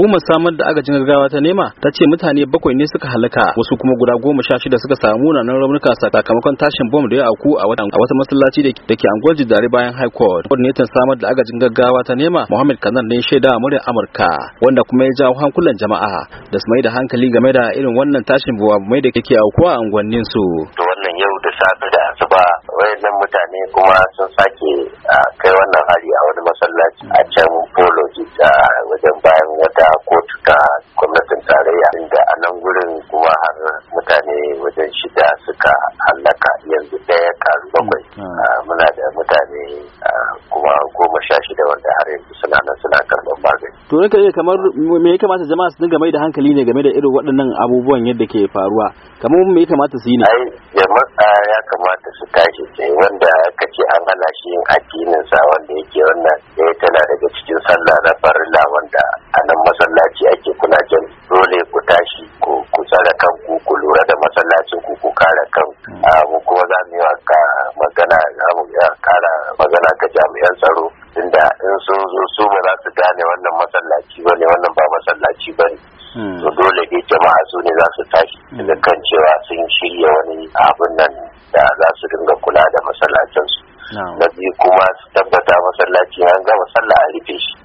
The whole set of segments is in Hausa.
goma samar da agajin gaggawa ta nema ta ce mutane bakwai ne suka halaka wasu kuma guda goma sha shida suka samu munanan raunuka sakamakon tashin bom da ya auku a wata masallaci da ke anguwar jidare bayan high court coordinator samar da agajin gaggawa ta nema muhammad kanan ne shaida muryar amurka wanda kuma ya jawo hankulan jama'a da su mai da hankali game da irin wannan tashin mai da ke auku a unguwannin su wannan yau da safe da asuba wayannan mutane kuma sun sake kai wannan hari a wani masallaci a can polo a wajen bayan wata kotu ta gwamnatin tarayya inda a nan gurin kuma har mutane wajen shida suka hallaka yanzu ɗaya karu bakwai mm, mm. Ah, muna da mutane ah, kuma goma sha shida wanda har yanzu suna nan suna karɓar magani. to ne iya kamar me ya kamata jama'a su dinga mai da hankali ne game da irin waɗannan abubuwan yadda ke faruwa kamar me ya kamata su yi ne. ai jama'a ah, ya kamata su tashi sai wanda aka ce an hana shi yin sa wanda yake wannan ɗaya eh, tana daga cikin sallah na farin farilla a nan masallaci ake kuna jan dole ku tashi ku ku tsara kan ku lura da masallacin ku ku kare kan mm. ah, mu kuma za mu yi magana za mu kara magana ga jami'an tsaro inda in sun zo su ba za su gane wannan masallaci ba ne wannan ba masallaci ba ne mm. to dole ne jama'a su ne za su tashi mm. da kan cewa sun shirya wani abun nan da za su dinga kula da masallacinsu na biyu kuma su tabbata masallaci an gama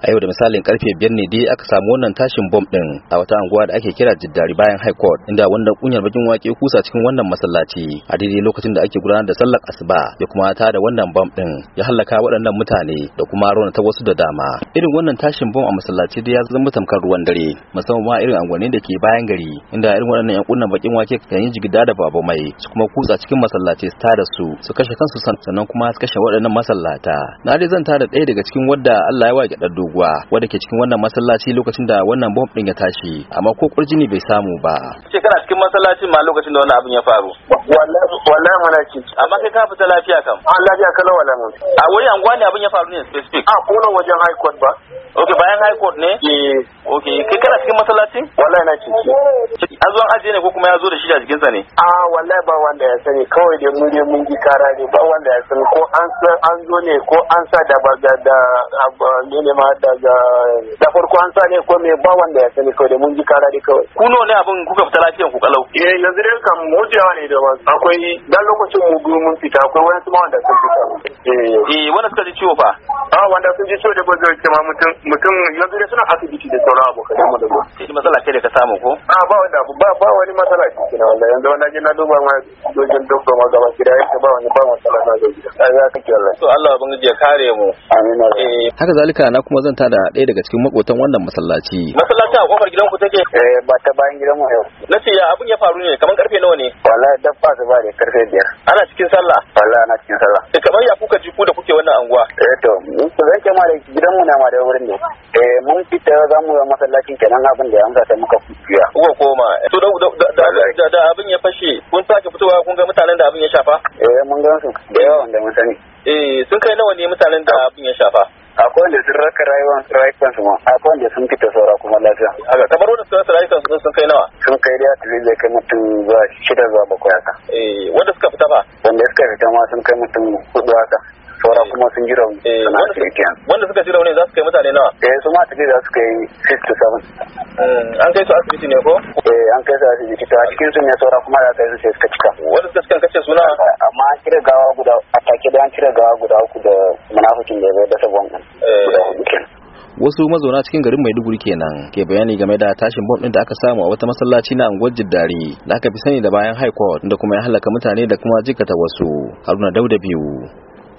a yau da misalin karfe biyar ne dai aka samu wannan tashin bom din a wata anguwa da ake kira jiddari bayan high court inda wannan kunyar bakin wake kusa cikin wannan masallaci a daidai lokacin da ake gudanar da sallar asuba ya kuma ta da wannan bom din ya halaka waɗannan mutane da kuma ta wasu da dama irin wannan tashin bom a masallaci dai ya zama tamkar ruwan dare musamman ma irin anguwanni da ke bayan gari inda irin waɗannan yan kunnan bakin wake kan yi jigida da babu mai su kuma kusa cikin masallaci su tada su su kashe kansu sannan kuma su kashe waɗannan masallata na dai zan tada ɗaya daga cikin wadda Allah ya wa dogo unguwa wanda ke cikin wannan masallaci lokacin da wannan bomb din ya tashi amma ko kurjini bai samu ba ce kana cikin masallacin ma lokacin da wannan abin ya faru wallahi mana ci amma kai ka fita lafiya kam an ah, lafiya kala wala mun a wani anguwa ne abin ya faru ne specific a ah, kuna wajen high court ba ok bayan high court ne eh okay kai kana cikin masallaci wallahi na ci a zuwan aje ne ko kuma ya zo da shi a jikinsa ne a ah, wallahi ba wanda ya sani kawai dai mun je mun ji kara ne ba wanda ya sani ko an an zo ne ko an sa da ba da da ne ma daga da farko an sa ne ko me ba wanda ya sani kawai da mun ji kara ne kawai kuno ne abin kuka fita lafiyan ku kalau eh yanzu dai kam mutuwa ne da wasu akwai dalo lokacin mu biyu mun fita akwai wani kuma wanda sun fita eh, eh wanda suka ji ciwo fa Ah wanda sun ji ciwo da bazo ke ma mutum mutum yanzu da suna asibiti da sauran abokan mu da Shi eh, matsala ce da ka samu ko Ah ba wanda ba ba wani matsala ce kina wallahi yanzu wanda ke na duba ma dojin dokta ma gaba gida yake ba wani ba matsala na ga gida ai ah, ya kake wallahi to Allah ubangiji ya kare mu amin eh. haka zalika na kuma zan tada ɗaya daga cikin makotan wannan masallaci Masallaci a kofar gidan ku take eh ba ta bayan gidan mu yau nace ya abun ya faru ne kamar karfe nawa ne wallahi dabba ba ne karfe biyar. Ana cikin sallah. Wallahi ana cikin sallah. Eh kamar ya kuka ji ku da kuke wannan anguwa? Eh to mun zan ke ma da gidanmu na ma da wurin ne. Eh mun fita za mu masallacin kenan abin da ya amsa sai muka kuya. Kuka koma. Eh, to da da da abin ya fashe kun sake fitowa kun ga mutanen da abin ya shafa? Eh mun ga su da yawa da mun sani. Eh sun kai nawa ne mutanen da abin ya shafa? akwai wanda sun raka rayuwar su ma akwai wanda sun fita saura kuma lafiya aka kamar wanda suka rasa rayuwar su sun kai nawa sun kai da tafi zai kai mutum zuwa shida zuwa bakwai haka eh wanda suka fita ba wanda suka fita ma sun kai mutum hudu haka saura kuma sun ji rauni eh, suna wanda suka ji rauni za su kai mutane nawa eh su ma asibiti za su kai 6 to 7 hmm, an kai su asibiti ne ko eh an kai su asibiti to a cikin su ne saura kuma za ta su sai suka cika wanda suka cika kace suna eh, amma an cire gawa guda a take da an cire gawa guda uku da munafikin da ya zo da sabon eh. guda hudu wasu mazauna cikin garin Maiduguri kenan ke bayani game da tashin bom da aka samu a wata masallaci na unguwar Jiddari da aka fi sani da bayan High Court da kuma ya halaka mutane da kuma jikata wasu Haruna Dauda biyu